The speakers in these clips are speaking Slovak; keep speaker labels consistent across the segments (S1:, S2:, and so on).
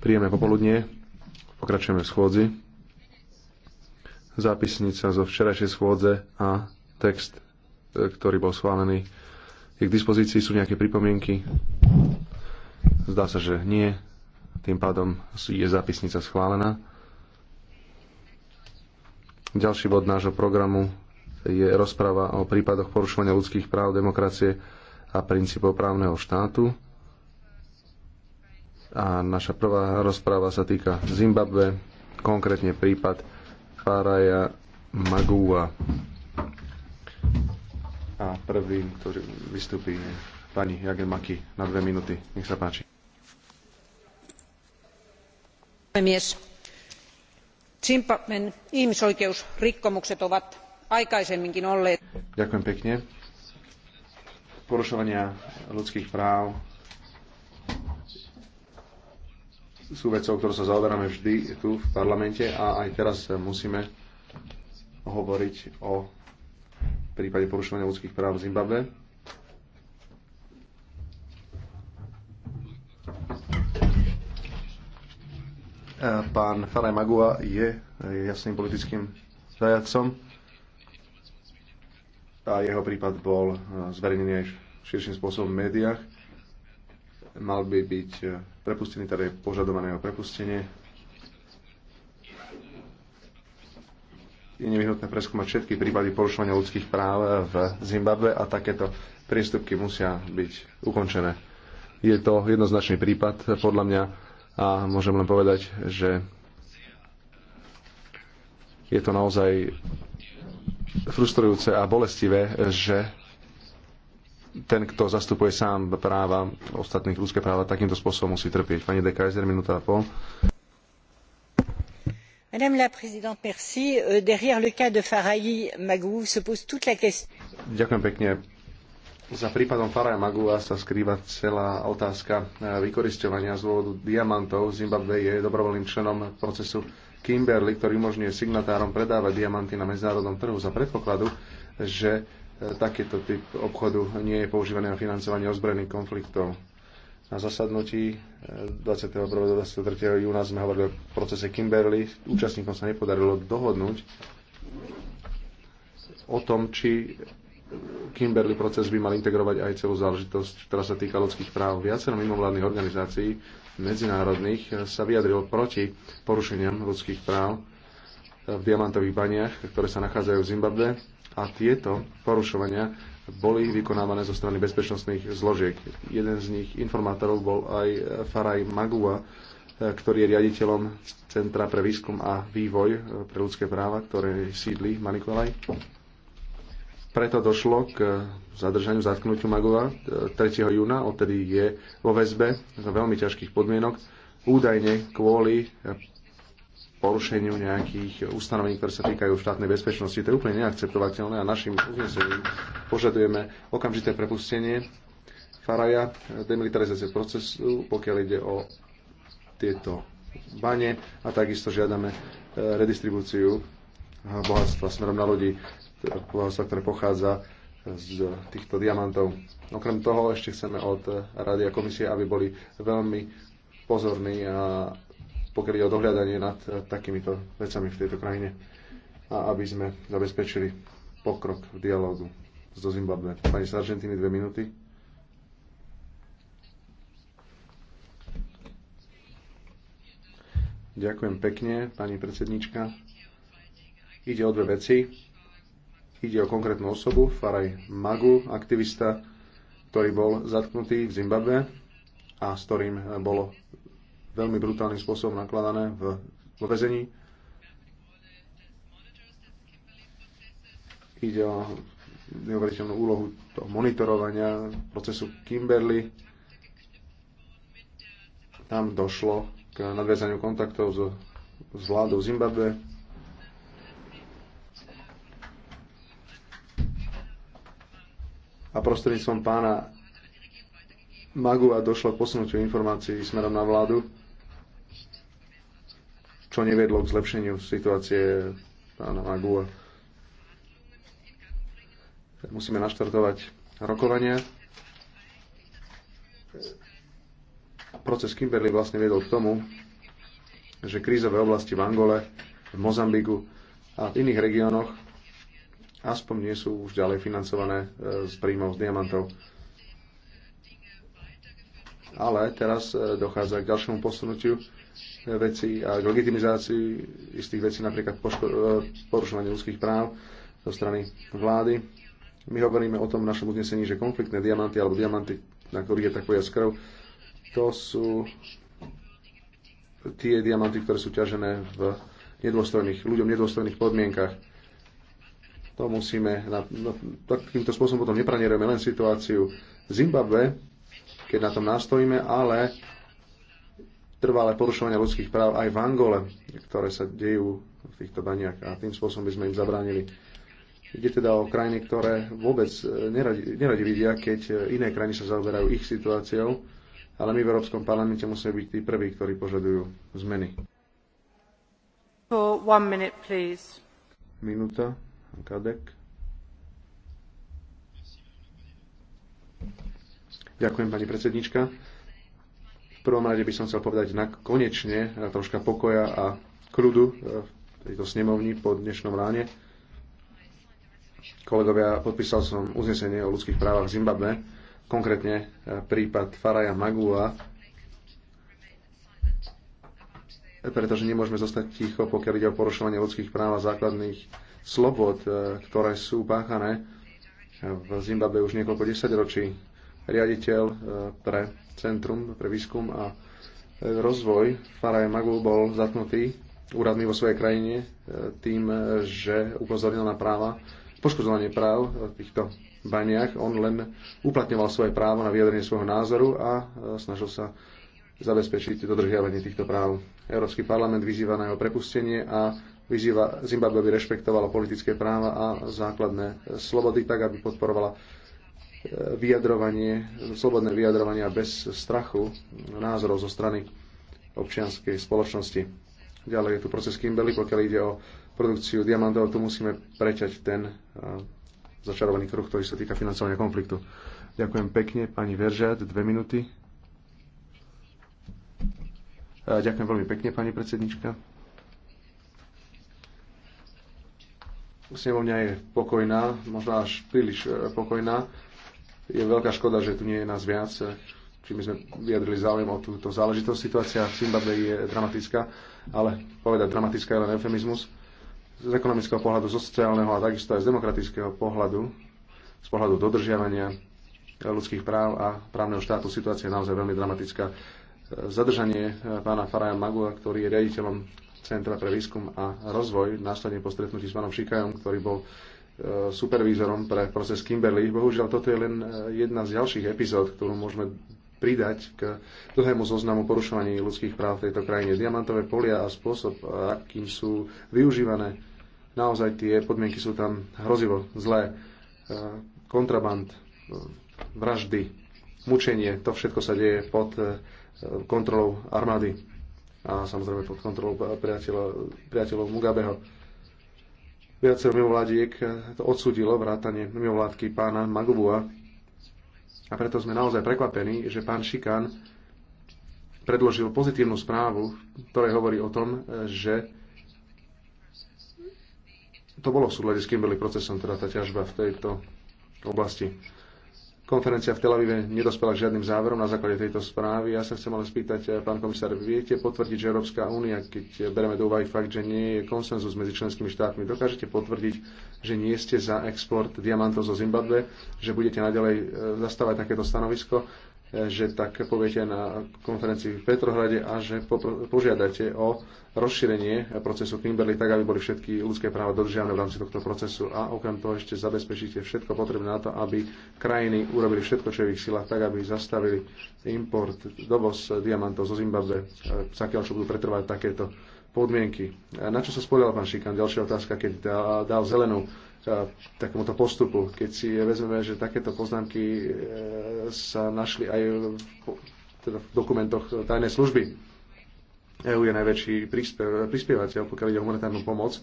S1: Príjemné popoludnie. Pokračujeme v schôdzi. Zápisnica zo včerajšej schôdze a text, e, ktorý bol schválený, je k dispozícii. Sú nejaké pripomienky? Zdá sa, že nie. Tým pádom je zápisnica schválená. Ďalší bod nášho programu je rozprava o prípadoch porušovania ľudských práv, demokracie a princípov právneho štátu. A naša prvá rozpráva sa týka Zimbabwe, konkrétne prípad Faraja Magua. A prvým, ktorý vystúpi, je pani Jagemaki na dve minúty. Nech sa páči.
S2: Zimbabwen ihmisoikeusrikkomukset ovat aikaisemminkin olleet.
S1: Ďakujem pekne. Porušovania ľudských práv sú vecou, ktorou sa zaoberáme vždy tu v parlamente a aj teraz musíme hovoriť o prípade porušovania ľudských práv v Zimbabve. Pán Faraj Magua je jasným politickým zajacom a jeho prípad bol zverejnený aj širším spôsobom v médiách mal by byť e, prepustený, teda je požadované o prepustenie. Je nevyhnutné preskúmať všetky prípady porušovania ľudských práv v Zimbabve a takéto priestupky musia byť ukončené. Je to jednoznačný prípad podľa mňa a môžem len povedať, že je to naozaj frustrujúce a bolestivé, že ten, kto zastupuje sám práva ostatných ľudské práva, takýmto spôsobom musí trpieť. Pani de Kaiser, minúta a pol.
S2: Madame la Présidente, merci. Euh, derrière le cas de Farahi Magou se pose toute la question.
S1: Ďakujem pekne. Za prípadom Faraja Magua sa skrýva celá otázka eh, vykoristovania z dôvodu diamantov. Zimbabwe je dobrovoľným členom procesu Kimberley, ktorý umožňuje signatárom predávať diamanty na medzinárodnom trhu za predpokladu, že Takýto typ obchodu nie je používaný na financovanie ozbrojených konfliktov. Na zasadnutí 21. a 23. júna sme hovorili o procese Kimberly. Účastníkom sa nepodarilo dohodnúť o tom, či Kimberly proces by mal integrovať aj celú záležitosť, ktorá sa týka ľudských práv. Viacero mimovládnych organizácií medzinárodných sa vyjadrilo proti porušeniam ľudských práv v diamantových baniach, ktoré sa nachádzajú v Zimbabve a tieto porušovania boli vykonávané zo strany bezpečnostných zložiek. Jeden z nich informátorov bol aj Faraj Magua, ktorý je riaditeľom Centra pre výskum a vývoj pre ľudské práva, ktoré sídli Manikolaj. Preto došlo k zadržaniu, zatknutiu Magova 3. júna, odtedy je vo väzbe za veľmi ťažkých podmienok, údajne kvôli porušeniu nejakých ustanovení, ktoré sa týkajú štátnej bezpečnosti. To je úplne neakceptovateľné a našim uznesením požadujeme okamžité prepustenie Faraja, demilitarizácie procesu, pokiaľ ide o tieto bane a takisto žiadame e, redistribúciu bohatstva smerom na ľudí, bohatstva, ktoré pochádza z týchto diamantov. Okrem toho ešte chceme od Rady a komisie, aby boli veľmi pozorní a pokiaľ ide o dohľadanie nad eh, takýmito vecami v tejto krajine a aby sme zabezpečili pokrok v dialógu zo Zimbabwe. Pani z Argentíny, dve minúty. Ďakujem pekne, pani predsednička. Ide o dve veci. Ide o konkrétnu osobu, Faraj Magu, aktivista, ktorý bol zatknutý v Zimbabve a s ktorým eh, bolo veľmi brutálnym spôsobom nakladané v, vo vezení. Ide o neuveriteľnú úlohu toho monitorovania procesu Kimberly. Tam došlo k nadviazaniu kontaktov so, s vládou Zimbabwe. A prostredníctvom pána Magu a došlo k posunutiu informácií smerom na vládu čo nevedlo k zlepšeniu situácie pána Magua. Musíme naštartovať rokovania. Proces Kimberley vlastne viedol k tomu, že krízové oblasti v Angole, v Mozambiku a v iných regiónoch aspoň nie sú už ďalej financované e, z príjmov z diamantov. Ale teraz e, dochádza k ďalšiemu posunutiu vecí a k legitimizácii istých vecí, napríklad e, porušovanie ľudských práv zo strany vlády. My hovoríme o tom v našom uznesení, že konfliktné diamanty alebo diamanty, na ktorých je takový krv, to sú tie diamanty, ktoré sú ťažené v nedôstojných, ľuďom nedôstojných podmienkach. To musíme, na, na, takýmto spôsobom potom nepranierujeme len situáciu Zimbabwe, keď na tom nastojíme, ale trvalé porušovania ľudských práv aj v Angole, ktoré sa dejú v týchto baniach a tým spôsobom by sme im zabránili. Ide teda o krajiny, ktoré vôbec e, neradi, neradi vidia, keď e, iné krajiny sa zaoberajú ich situáciou, ale my v Európskom parlamente musíme byť tí prví, ktorí požadujú zmeny. Minúta, Kadek. Ďakujem, pani predsednička v prvom rade by som chcel povedať na konečne na eh, troška pokoja a kľudu eh, v tejto snemovni po dnešnom ráne. Kolegovia, podpísal som uznesenie o ľudských právach v Zimbabve, konkrétne eh, prípad Faraja Magua, pretože nemôžeme zostať ticho, pokiaľ ide o porušovanie ľudských práv a základných slobod, ktoré sú páchané v Zimbabve už niekoľko desaťročí. Riaditeľ pre Centrum pre výskum a e, rozvoj Faraj Magul bol zatknutý úradný vo svojej krajine e, tým, e, že upozornil na práva, poškodzovanie práv v týchto baniach. On len uplatňoval svoje právo na vyjadrenie svojho názoru a snažil sa zabezpečiť dodržiavanie týchto práv. Európsky parlament vyzýva na jeho prepustenie a vyzýva Zimbabwe, aby rešpektovala politické práva a základné slobody, tak aby podporovala vyjadrovanie, slobodné vyjadrovania bez strachu názorov zo strany občianskej spoločnosti. Ďalej je tu proces Kimberly, pokiaľ ide o produkciu diamantov, tu musíme preťať ten e, začarovaný kruh, ktorý sa týka financovania konfliktu. Ďakujem pekne, pani Veržiat, dve minúty. E, ďakujem veľmi pekne, pani predsednička. Snemovňa je pokojná, možno až príliš e, pokojná je veľká škoda, že tu nie je nás viac, či my sme vyjadrili záujem o túto záležitosť. Situácia v Zimbabwe je dramatická, ale povedať dramatická je len eufemizmus. Z ekonomického pohľadu, zo sociálneho a takisto aj z demokratického pohľadu, z pohľadu dodržiavania ľudských práv a právneho štátu situácia je naozaj veľmi dramatická. Zadržanie pána Faraja Magua, ktorý je riaditeľom Centra pre výskum a rozvoj, následne po stretnutí s pánom Šikajom, ktorý bol Eh, supervízorom pre proces Kimberly. Bohužiaľ, toto je len eh, jedna z ďalších epizód, ktorú môžeme pridať k dlhému zoznamu porušovaní ľudských práv v tejto krajine. Diamantové polia a spôsob, akým sú využívané, naozaj tie podmienky sú tam hrozivo zlé. Eh, kontraband, vraždy, mučenie, to všetko sa deje pod kontrolou armády a samozrejme pod kontrolou priateľov, priateľov Mugabeho Viacero mimovládiek to odsudilo, vrátanie mimovládky pána Magubua. A preto sme naozaj prekvapení, že pán Šikan predložil pozitívnu správu, ktorá hovorí o tom, že to bolo v súhľade s Kimberley procesom, teda tá ťažba v tejto oblasti. Konferencia v Tel Avive nedospela k žiadnym záverom na základe tejto správy. Ja sa chcem ale spýtať, eh, pán komisár, viete potvrdiť, že Európska únia, keď bereme do úvahy fakt, že nie je konsenzus medzi členskými štátmi, dokážete potvrdiť, že nie ste za export diamantov zo Zimbabwe, že budete naďalej eh, zastávať takéto stanovisko že tak poviete na konferencii v Petrohrade a že požiadate o rozšírenie procesu Kimberley tak, aby boli všetky ľudské práva dodržiavané v rámci tohto procesu a okrem toho ešte zabezpečíte všetko potrebné na to, aby krajiny urobili všetko, čo je v ich silách, tak, aby zastavili import, dovoz diamantov zo Zimbabwe, eh, zakiaľ čo budú pretrvať takéto podmienky. Na čo sa spodial pán Šikan? Ďalšia otázka, keď dal zelenú e, takémuto postupu. Keď si vezmeme, že takéto poznámky e, sa našli aj v, teda v dokumentoch tajnej služby. EU je najväčší prispievateľ, pokiaľ ide o humanitárnu pomoc,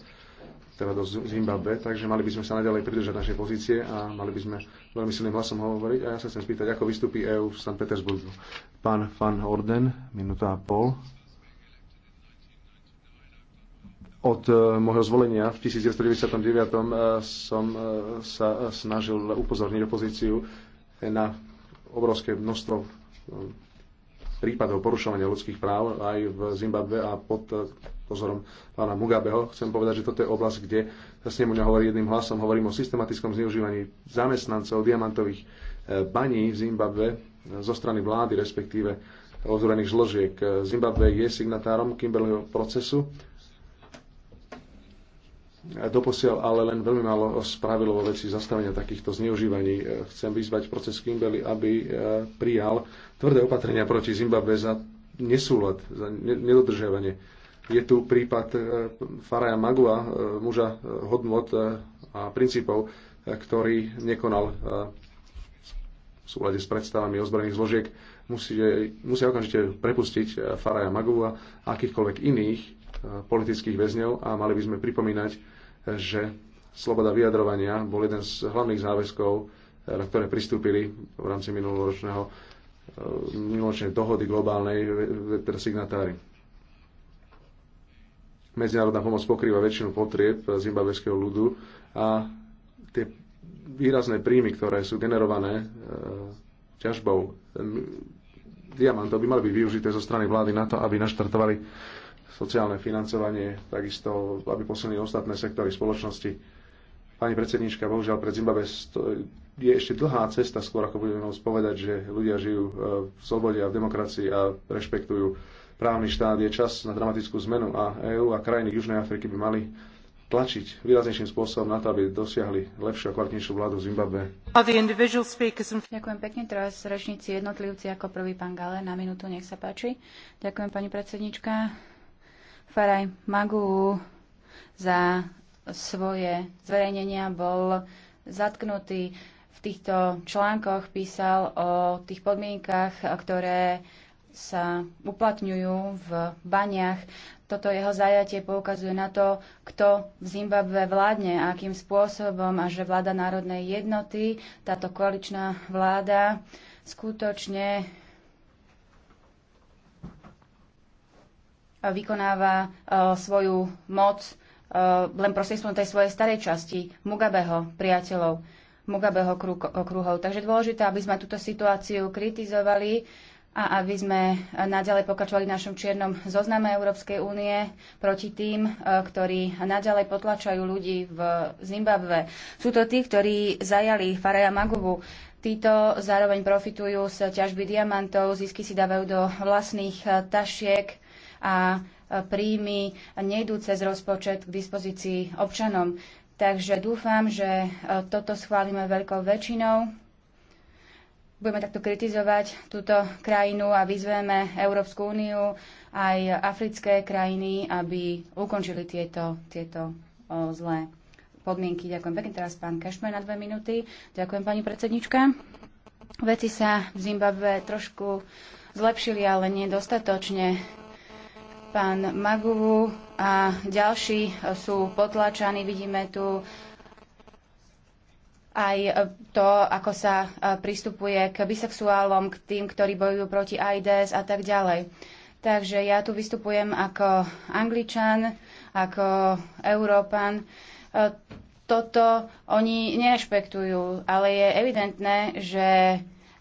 S1: teda do Zimbabwe, takže mali by sme sa naďalej pridržať našej pozície a mali by sme veľmi silným hlasom hovoriť. A ja sa chcem spýtať, ako vystúpi EU v St. Petersburgu. Pán Van Orden, minúta a pol od eh, môjho zvolenia v 1999 eh, som eh, sa snažil upozorniť opozíciu na obrovské množstvo prípadov porušovania ľudských práv aj v Zimbabve a pod pozorom pána Mugabeho. Chcem povedať, že toto je oblasť, kde sa s nemu nehovorí jedným hlasom. Hovorím o systematickom zneužívaní zamestnancov diamantových baní v Zimbabve zo strany vlády, respektíve ozbrojených zložiek. Zimbabve je signatárom Kimberleho procesu Doposiaľ ale len veľmi málo spravilo vo veci zastavenia takýchto zneužívaní. E, chcem vyzvať proces Kimbeli, aby e, prijal tvrdé opatrenia proti Zimbabwe za nesúlad, za nedodržiavanie. Je tu prípad e, Faraja Magua, muža hodnot a princípov, ktorý nekonal v súlade s predstavami ozbrojených zložiek. Musí, musia okamžite prepustiť Faraja Magua a akýchkoľvek iných politických väzňov a mali by sme pripomínať že sloboda vyjadrovania bol jeden z hlavných záväzkov, eh, na ktoré pristúpili v rámci minuloročného eh, minuloročnej dohody globálnej, eh, teda signatári. Medzinárodná pomoc pokrýva väčšinu potrieb zimbabweského ľudu a tie výrazné príjmy, ktoré sú generované ťažbou diamantov, by mali byť využité zo strany vlády na to, aby naštartovali sociálne financovanie, takisto, aby posunili ostatné sektory spoločnosti. Pani predsednička, bohužiaľ pre Zimbabwe je ešte dlhá cesta, skôr ako budeme môcť povedať, že ľudia žijú e, v slobode a v demokracii a rešpektujú právny štát. Je čas na dramatickú zmenu a EÚ a krajiny Južnej Afriky by mali tlačiť výraznejším spôsobom na to, aby dosiahli lepšiu a kvalitnejšiu vládu v Zimbabwe.
S2: Ďakujem pekne. Teraz rečníci jednotlivci ako prvý pán Gale na minútu, nech sa páči. Ďakujem pani predsednička. Faraj Magu za svoje zverejnenia bol zatknutý. V týchto článkoch písal o tých podmienkach, ktoré sa uplatňujú v baniach. Toto jeho zajatie poukazuje na to, kto v Zimbabve vládne a akým spôsobom a že vláda národnej jednoty, táto koaličná vláda, skutočne vykonáva e, svoju moc e, len prostredstvom tej svojej starej časti Mugabeho priateľov, Mugabeho kruhov. Takže dôležité, aby sme túto situáciu kritizovali a aby sme naďalej pokračovali v našom čiernom zozname Európskej únie proti tým, e, ktorí naďalej potlačajú ľudí v Zimbabve. Sú to tí, ktorí zajali Faraja Maguvu. Títo zároveň profitujú z ťažby diamantov, zisky si dávajú do vlastných tašiek a príjmy nejdú cez rozpočet k dispozícii občanom. Takže dúfam, že e, toto schválime veľkou väčšinou. Budeme takto kritizovať túto krajinu a vyzveme Európsku úniu aj africké krajiny, aby ukončili tieto, tieto o, zlé podmienky. Ďakujem pekne. Teraz pán Kašmer na dve minúty. Ďakujem pani predsednička. Veci sa v Zimbabve trošku zlepšili, ale nedostatočne. Pán Maguvu a ďalší sú potlačaní. Vidíme tu aj to, ako sa e, pristupuje k bisexuálom, k tým, ktorí bojujú proti AIDS a tak ďalej. Takže ja tu vystupujem ako angličan, ako európan. E, toto oni nerešpektujú, ale je evidentné, že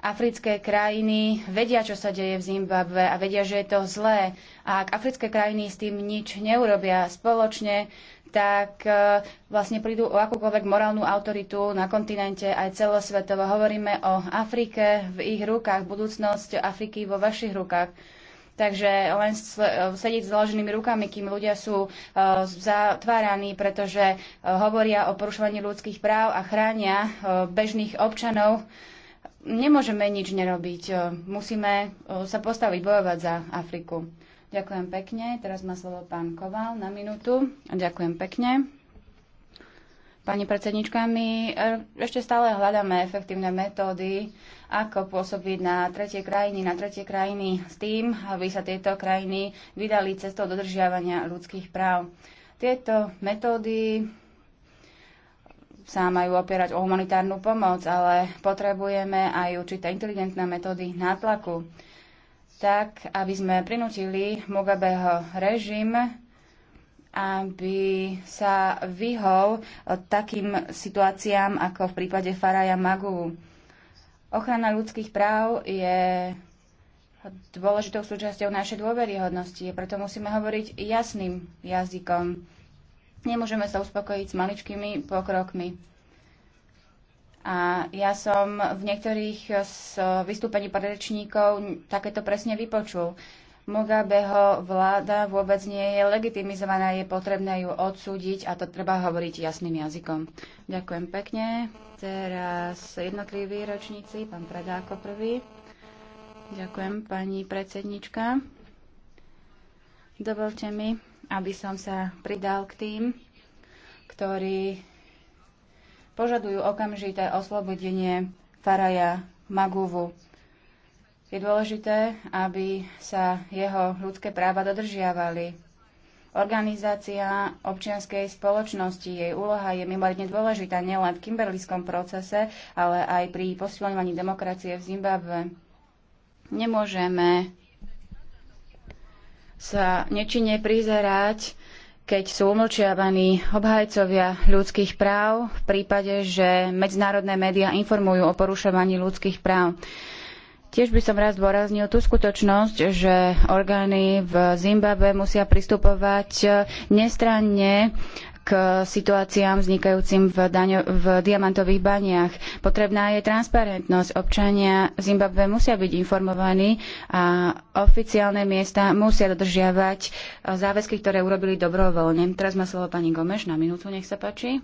S2: africké krajiny vedia, čo sa deje v Zimbabve a vedia, že je to zlé. A ak africké krajiny s tým nič neurobia spoločne, tak e, vlastne prídu o akúkoľvek morálnu autoritu na kontinente aj celosvetovo. Hovoríme o Afrike v ich rukách, budúcnosť Afriky vo vašich rukách. Takže len e, sedieť s zloženými rukami, kým ľudia sú e, zatváraní, pretože hovoria o porušovaní ľudských práv a chránia bežných občanov, nemôžeme nič nerobiť. E, musíme e, sa postaviť, bojovať za Afriku. Ďakujem pekne. Teraz má slovo pán Koval na minútu. Ďakujem pekne. Pani predsednička, my e, ešte stále hľadáme efektívne metódy, ako pôsobiť na tretie krajiny, na tretie krajiny s tým, aby sa tieto krajiny vydali cestou dodržiavania ľudských práv. Tieto metódy sa majú opierať o humanitárnu pomoc, ale potrebujeme aj určité inteligentné metódy nátlaku, tak aby sme prinútili Mugabeho režim, aby sa vyhol takým situáciám ako v prípade Faraja Magu. Ochrana ľudských práv je dôležitou súčasťou našej dôveryhodnosti, preto musíme hovoriť jasným jazykom Nemôžeme sa uspokojiť s maličkými pokrokmi. A ja som v niektorých z vystúpení predrečníkov takéto presne vypočul. Mugabeho vláda vôbec nie je legitimizovaná, je potrebné ju odsúdiť a to treba hovoriť jasným jazykom. Ďakujem pekne. Teraz jednotliví ročníci, pán Preda ako prvý. Ďakujem, pani predsednička. Dovolte mi, aby som sa pridal k tým, ktorí požadujú okamžité oslobodenie Faraja Maguvu. Je dôležité, aby sa jeho ľudské práva dodržiavali. Organizácia občianskej spoločnosti, jej úloha je mimoriadne dôležitá nielen v kimberliskom procese, ale aj pri posilňovaní demokracie v Zimbabve. Nemôžeme sa nečine prizerať, keď sú umlčiavaní obhajcovia ľudských práv v prípade, že medzinárodné médiá informujú o porušovaní ľudských práv. Tiež by som raz dôraznil tú skutočnosť, že orgány v Zimbabwe musia pristupovať nestranne k situáciám vznikajúcim v, daňo, v diamantových baniach. Potrebná je transparentnosť. Občania Zimbabwe musia byť informovaní a oficiálne miesta musia dodržiavať e, záväzky, ktoré urobili dobrovoľne. Teraz má slovo pani Gomeš na minútu, nech sa páči.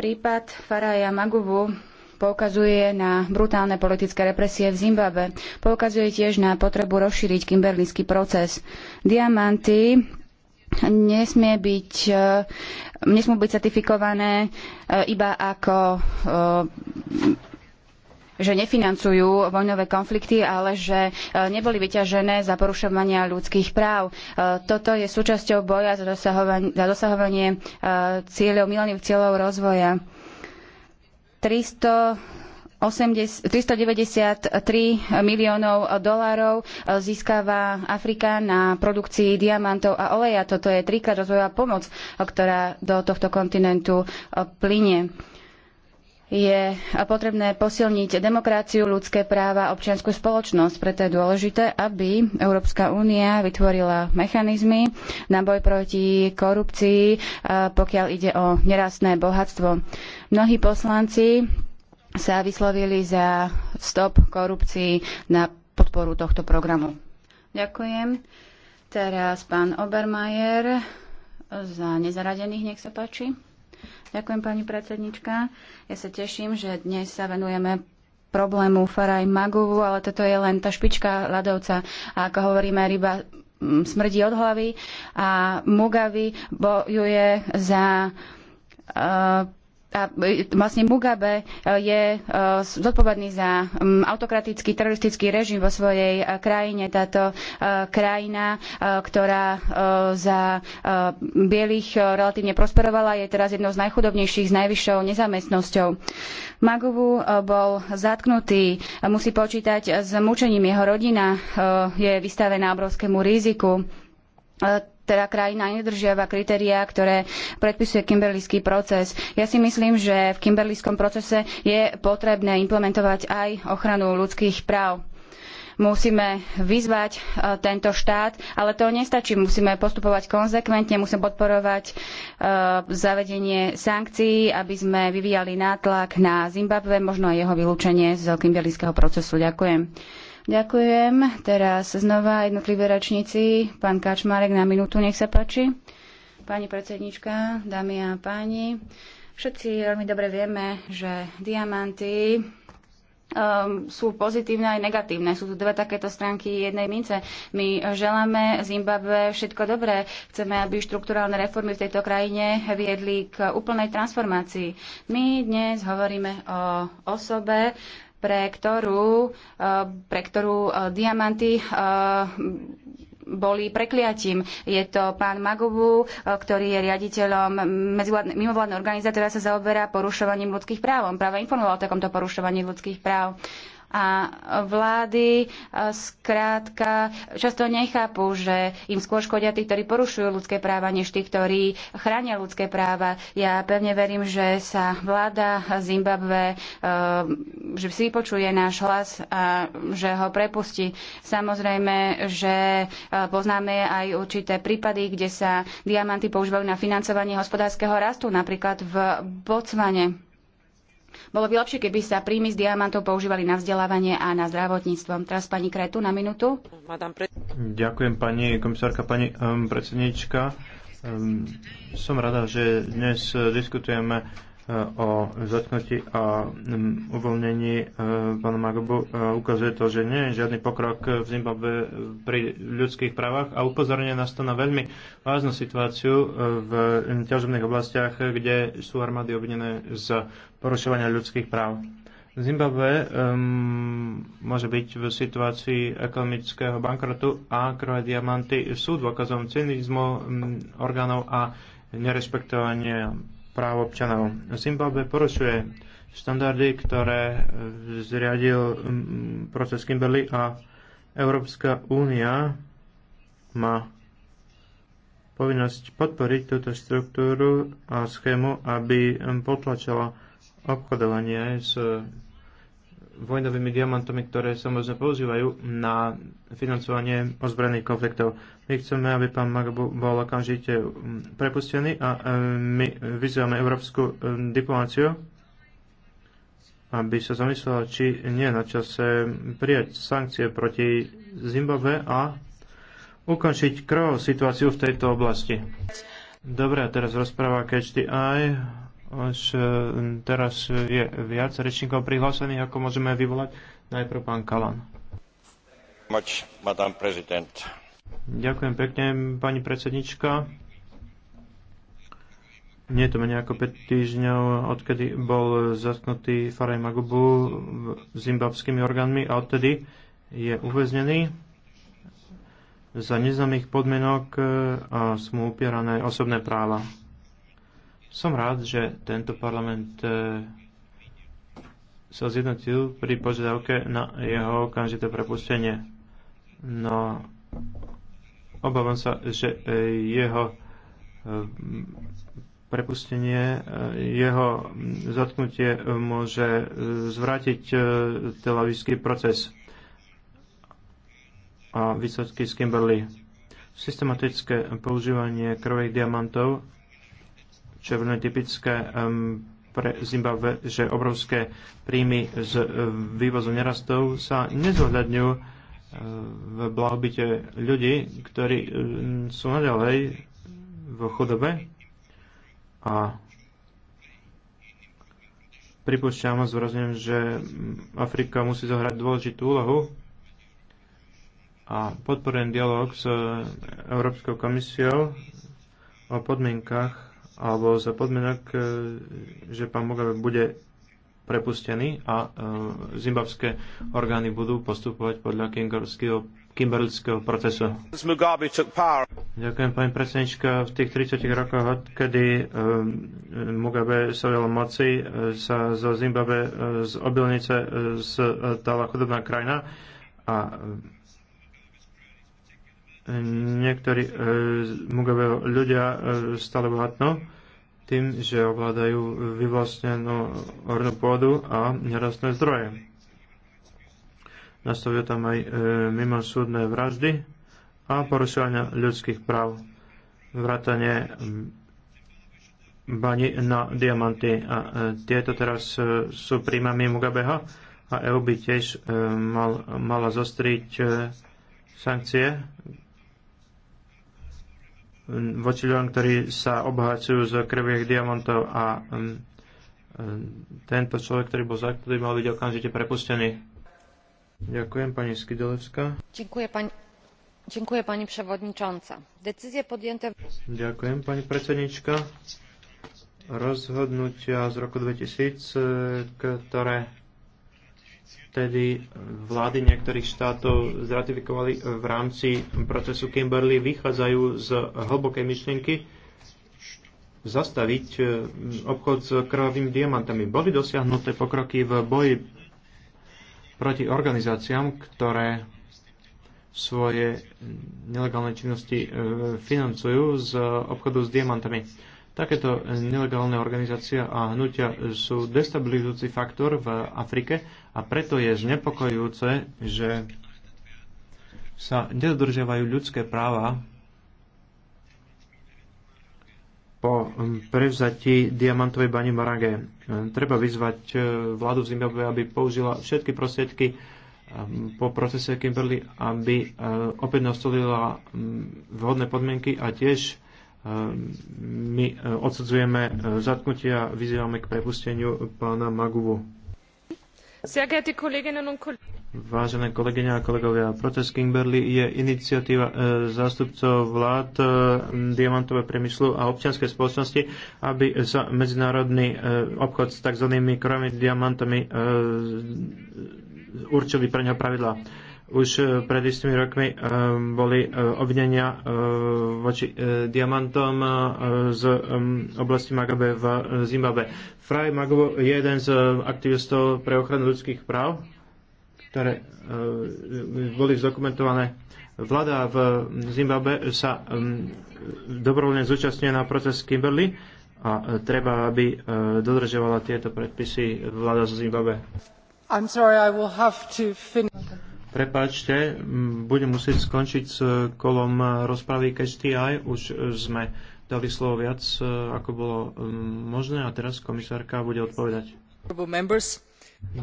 S2: Prípad Faraja Maguvu poukazuje na brutálne politické represie v Zimbabwe. Poukazuje tiež na potrebu rozšíriť kimberlínsky proces. Diamanty nesmie byť, e, nesmú byť certifikované e, iba ako e, že nefinancujú vojnové konflikty, ale že neboli vyťažené za porušovania ľudských práv. Toto je súčasťou boja za dosahovanie, za dosahovanie cieľov, milených cieľov rozvoja. 300 393 miliónov dolárov eh, získava Afrika na produkcii diamantov a oleja. Toto je trikrát rozvojová pomoc, eh, ktorá do tohto kontinentu eh, plynie. Je potrebné posilniť demokraciu, ľudské práva, občiansku spoločnosť. Preto je dôležité, aby Európska únia vytvorila mechanizmy na boj proti korupcii, pokiaľ ide o nerastné bohatstvo. Mnohí poslanci sa vyslovili za stop korupcii na podporu tohto programu. Ďakujem. Teraz pán Obermajer za nezaradených, nech sa páči. Ďakujem, pani predsednička. Ja sa teším, že dnes sa venujeme problému Faraj Magovu, ale toto je len tá špička ľadovca. A ako hovoríme, ryba mm, smrdí od hlavy a Mugavi bojuje za uh, a e, vlastne Mugabe e, je e, zodpovedný za autokratický teroristický režim vo svojej krajine. Táto krajina, ktorá za bielých relatívne prosperovala, je teraz jednou z najchudobnejších s najvyššou nezamestnosťou. Magovu bol zatknutý, musí počítať s mučením. Jeho rodina je vystavená obrovskému riziku teda krajina nedržiava kritériá, ktoré predpisuje kimberlický proces. Ja si myslím, že v kimberlickom procese je potrebné implementovať aj ochranu ľudských práv musíme vyzvať e, tento štát, ale to nestačí. Musíme postupovať konzekventne, musíme podporovať e, zavedenie sankcií, aby sme vyvíjali nátlak na Zimbabwe, možno aj jeho vylúčenie z kimberlického procesu. Ďakujem. Ďakujem. Teraz znova jednotlivé Pán Kačmarek na minútu, nech sa páči. Pani predsednička, dámy a páni, všetci veľmi dobre vieme, že diamanty um, sú pozitívne aj negatívne. Sú tu dve takéto stránky jednej mince. My želáme Zimbabve všetko dobré. Chceme, aby štruktúrálne reformy v tejto krajine viedli k úplnej transformácii. My dnes hovoríme o osobe, pre ktorú, e, pre ktorú e, diamanty e, boli prekliatím. Je to pán Magovu, ktorý je riaditeľom mimovládnej organizácie, ktorá sa zaoberá porušovaním ľudských práv. On práve informoval o takomto porušovaní ľudských práv a vlády skrátka často nechápu, že im skôr škodia tí, ktorí porušujú ľudské práva, než tí, ktorí chránia ľudské práva. Ja pevne verím, že sa vláda Zimbabve, e, že si počuje náš hlas a že ho prepustí. Samozrejme, že e, poznáme aj určité prípady, kde sa diamanty používajú na financovanie hospodárskeho rastu, napríklad v Botsvane. Bolo by lepšie, keby sa príjmy z diamantov používali na vzdelávanie a na zdravotníctvo. Teraz pani Kretu na minútu.
S3: Ďakujem pani komisárka, pani um, predsednička. Um, som rada, že dnes eh, diskutujeme o zatknutí a mm, uvoľnení e, pána Magobu e, ukazuje to, že nie je žiadny pokrok v Zimbabwe pri ľudských právach a upozorňuje nás to na veľmi vážnu situáciu e, v ťažobných oblastiach, kde sú armády obvinené z porušovania ľudských práv. Zimbabwe um, môže byť v situácii ekonomického bankrotu a krvé diamanty sú dôkazom cynizmu um, orgánov a nerespektovania práv občanov. Zimbabwe porušuje štandardy, ktoré e, zriadil proces Kimberley a Európska únia má povinnosť podporiť túto štruktúru a schému, aby potlačila obchodovanie s vojnovými diamantami, ktoré sa možno používajú na financovanie ozbrojených konfliktov. My chceme, aby pán Magbo bol okamžite prepustený a e, my vyzývame európsku e, diplomáciu, aby sa zamyslela, či nie na čase prijať sankcie proti Zimbabwe a ukončiť krvavú situáciu v tejto oblasti. Dobre, a teraz rozpráva Catch the Eye. Už e, teraz je viac rečníkov prihlásených, ako môžeme vyvolať. Najprv pán Kalan. Much, Ďakujem pekne, pani predsednička. Nie je to menej ako 5 týždňov, odkedy bol zatknutý Faraj Magubu zimbabskými orgánmi a odtedy je uväznený za neznámych podmienok e, a sú mu upierané osobné práva. Som rád, že tento parlament e, sa zjednotil pri požiadavke na jeho okamžité prepustenie. No, obávam sa, že e, jeho e, prepustenie, jeho zatknutie môže zvrátiť telavijský proces a výsledky z Kimberly. Systematické používanie krvých diamantov čo je veľmi typické pre Zimbabwe, že obrovské príjmy z vývozu nerastov sa nezohľadňujú v blahobite ľudí, ktorí sú naďalej v chudobe a pripúšťam a zvorazňujem, že Afrika musí zohrať dôležitú úlohu a podporujem dialog s Európskou komisiou o podmienkach alebo za podmienok, e, že pán Mugabe bude prepustený a e, zimbabské orgány budú postupovať podľa kimberlického procesu. Ďakujem, pani predsednička. V tých 30 rokoch, kedy odkedy e, Mugabe sa veľa moci, sa zo Zimbabwe z obilnice stala chudobná krajina a niektorí e, Mugabeho ľudia e, stále bohatno tým, že ovládajú vyvlastnenú ornú pôdu a nerastné zdroje. Nastavujú tam aj e, mimosúdne vraždy a porušovania ľudských práv, vrátanie mm, bani na diamanty. A e, tieto teraz e, sú príjmami Mugabeha a EU by tiež e, mal, mala zostriť e, sankcie voči ľuďom, ktorí sa obohacujú z krvých diamantov a um, um, tento človek, ktorý bol zatknutý, mal byť okamžite prepustený. Ďakujem pani Skidelevská.
S2: Ďakujem pani, Ďakujem pani prevodničanca. Decizie podjente...
S3: Ďakujem pani predsednička. Rozhodnutia z roku 2000, e, ktoré vtedy vlády niektorých štátov zratifikovali v rámci procesu Kimberley, vychádzajú z hlbokej myšlienky zastaviť e, obchod s krvavými diamantami. Boli dosiahnuté pokroky v boji proti organizáciám, ktoré svoje nelegálne činnosti e, financujú z obchodu s diamantami Takéto nelegálne organizácia a hnutia sú destabilizujúci faktor v Afrike a preto je znepokojujúce, že sa nedodržiavajú ľudské práva po prevzatí diamantovej bani Marange. Treba vyzvať eh, vládu Zimbabwe, aby použila všetky prostriedky ehm, po procese Kimberly, aby eh, opäť nastolila mm, vhodné podmienky a tiež my e, odsudzujeme e, zatknutie a vyzývame k prepusteniu pána Maguvu. Vážené kolegyne a kolegovia, protest Kimberly je iniciatíva e, zástupcov vlád e, diamantové priemyslu a občianskej spoločnosti, aby sa medzinárodný e, obchod s tzv. krvami diamantami e, určili pre neho pravidlá už e, pred istými rokmi e, boli e, obvinenia voči diamantom z oblasti Magabe v Zimbabwe. Fraj Magabe je jeden z aktivistov pre ochranu ľudských práv, ktoré boli zdokumentované vláda v Zimbabwe sa dobrovoľne zúčastňuje na proces Kimberly a treba, aby dodržovala tieto predpisy vláda z Zimbabwe. I'm sorry, I will have to finish. Prepáčte, budem musieť skončiť s e, kolom e, rozpravy k TI. Už e, sme dali slovo viac, ako bolo možné a teraz komisárka bude odpovedať.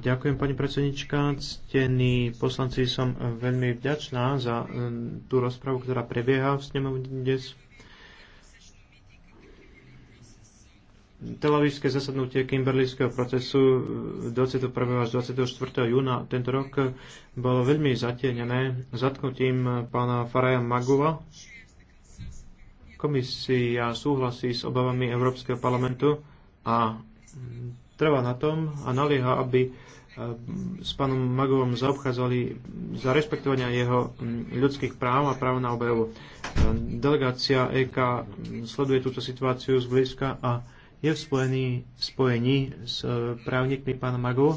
S3: Ďakujem, pani predsednička. Ctení poslanci, som veľmi vďačná za tú rozpravu, ktorá prebieha v snemovni dnes Telavížské zasadnutie Kimberlíského procesu 21. Eh, až 24. júna tento rok eh, bolo veľmi zatienené zatknutím eh, pána Faraja Magova. Komisia súhlasí s obavami Európskeho parlamentu a mm, trvá na tom a nalieha, aby s pánom Magovom zaobchádzali za rešpektovania jeho mm, ľudských práv a práv na obehu. Delegácia EK mm, sleduje túto situáciu zblízka a je v spojení, spojení s eh, právnikmi pána Magu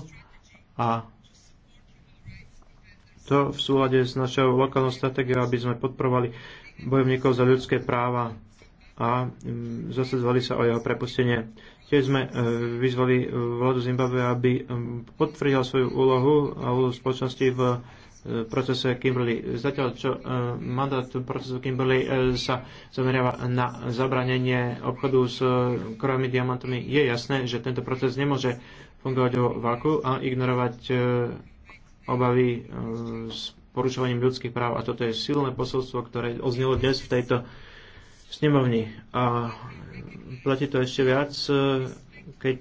S3: a to v súlade s našou lokálnou stratégiou, aby sme podporovali bojovníkov za ľudské práva a mm, zasadzovali sa o jeho prepustenie. Tiež sme eh, vyzvali vládu Zimbabwe, aby mm, potvrdila svoju úlohu a úlohu spoločnosti v procese Kimberley. Zatiaľ, čo e, mandát procesu Kimberley e, sa zameriava na zabranenie obchodu s e, krvami diamantami, je jasné, že tento proces nemôže fungovať vo vaku a ignorovať obavy s porušovaním ľudských práv. A toto je silné posolstvo, ktoré oznelo dnes v tejto snemovni. A platí to ešte viac, keď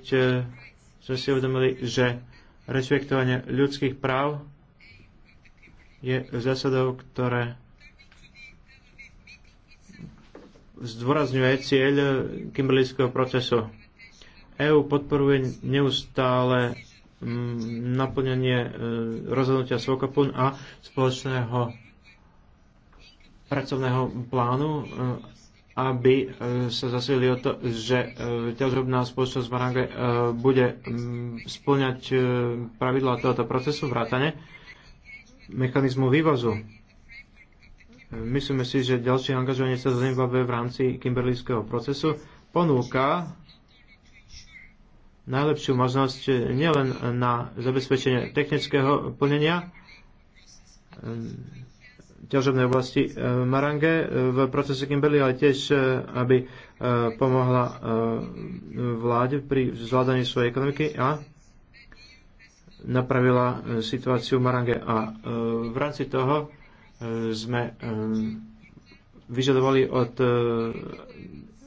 S3: sme si uvedomili, že rešpektovanie ľudských práv je zásadou, ktoré zdôrazňuje cieľ kimberlického procesu. EÚ podporuje neustále mm, naplnenie e, rozhodnutia Svokopun a spoločného pracovného plánu, e, aby e, sa zasilili o to, že ťažobná spoločnosť Marange bude mm, splňať pravidla tohoto procesu Rátane mechanizmu vývozu. Myslíme si, že ďalšie angažovanie sa Zimbabwe v rámci kimberlíského procesu ponúka najlepšiu možnosť nielen na zabezpečenie technického plnenia ehm, ťažobnej oblasti ehm, Marange ehm, v procese Kimberley, ale tiež, aby pomohla vláde pri zvládaní svojej ekonomiky a napravila e, situáciu Marange. A e, v rámci toho e, sme vyžadovali od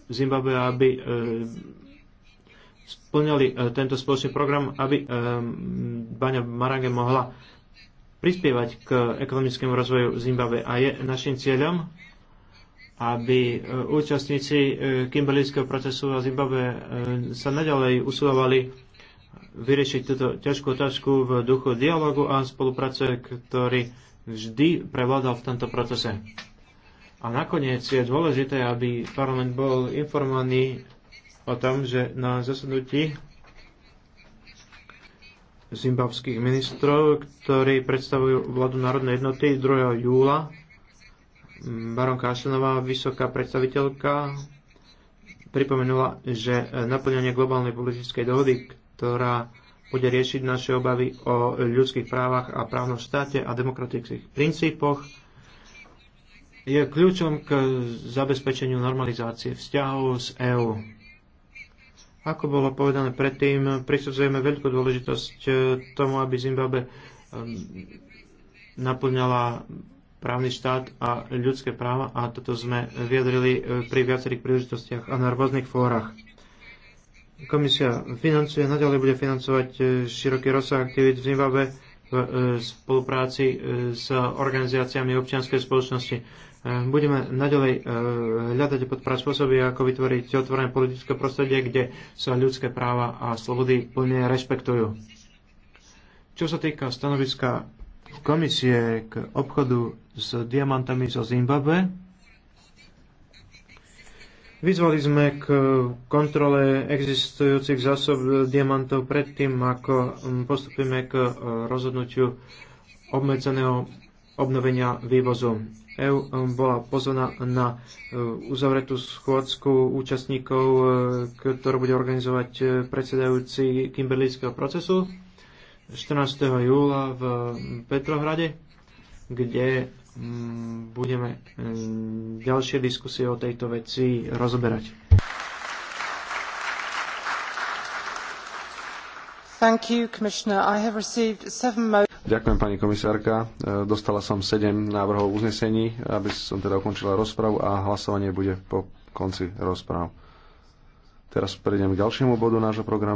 S3: Zimbabwe, aby splňali tento spoločný program, aby Baňa Marange mohla prispievať k ekonomickému rozvoju Zimbabwe. A je našim cieľom, aby účastníci kimberlického procesu a Zimbabwe sa nadalej usilovali vyriešiť túto ťažkú otázku v duchu dialogu a spolupráce, ktorý vždy prevládal v tomto procese. A nakoniec je dôležité, aby parlament bol informovaný o tom, že na zasadnutí zimbabských ministrov, ktorí predstavujú vládu národnej jednoty 2. júla, baronka Ašenová, vysoká predstaviteľka, pripomenula, že naplňanie globálnej politickej dohody, ktorá bude riešiť naše obavy o ľudských právach a právnom štáte a demokratických princípoch, je kľúčom k zabezpečeniu normalizácie vzťahov s EÚ. Ako bolo povedané predtým, prisudzujeme veľkú dôležitosť eh, tomu, aby Zimbabwe ehm, naplňala právny štát a ľudské práva a toto sme vyjadrili eh, pri viacerých príležitostiach a na rôznych fórach. Komisia financuje, naďalej bude financovať e, široký rozsah aktivít v Zimbabwe v e, spolupráci e, s organizáciami občianskej spoločnosti. Budeme naďalej hľadať a podporať spôsoby, ako vytvoriť otvorené politické prostredie, kde sa ľudské práva a slobody plne rešpektujú. Čo sa týka stanoviska komisie k obchodu s diamantami zo Zimbabwe, Vyzvali sme k kontrole existujúcich zásob diamantov predtým, ako mm, postupíme k e, rozhodnutiu obmedzeného obnovenia vývozu. EU e, bola pozvaná na e, uzavretú schôdzku účastníkov, ktorú bude organizovať predsedajúci kimberlíckého procesu 14. júla v mm, Petrohrade, kde Mm, budeme mm, ďalšie diskusie o tejto veci rozoberať. You, seven...
S1: Ďakujem, pani komisárka. E, dostala som sedem návrhov uznesení, aby som teda ukončila rozpravu a hlasovanie bude po konci rozpráv. Teraz prejdeme k ďalšiemu bodu nášho programu.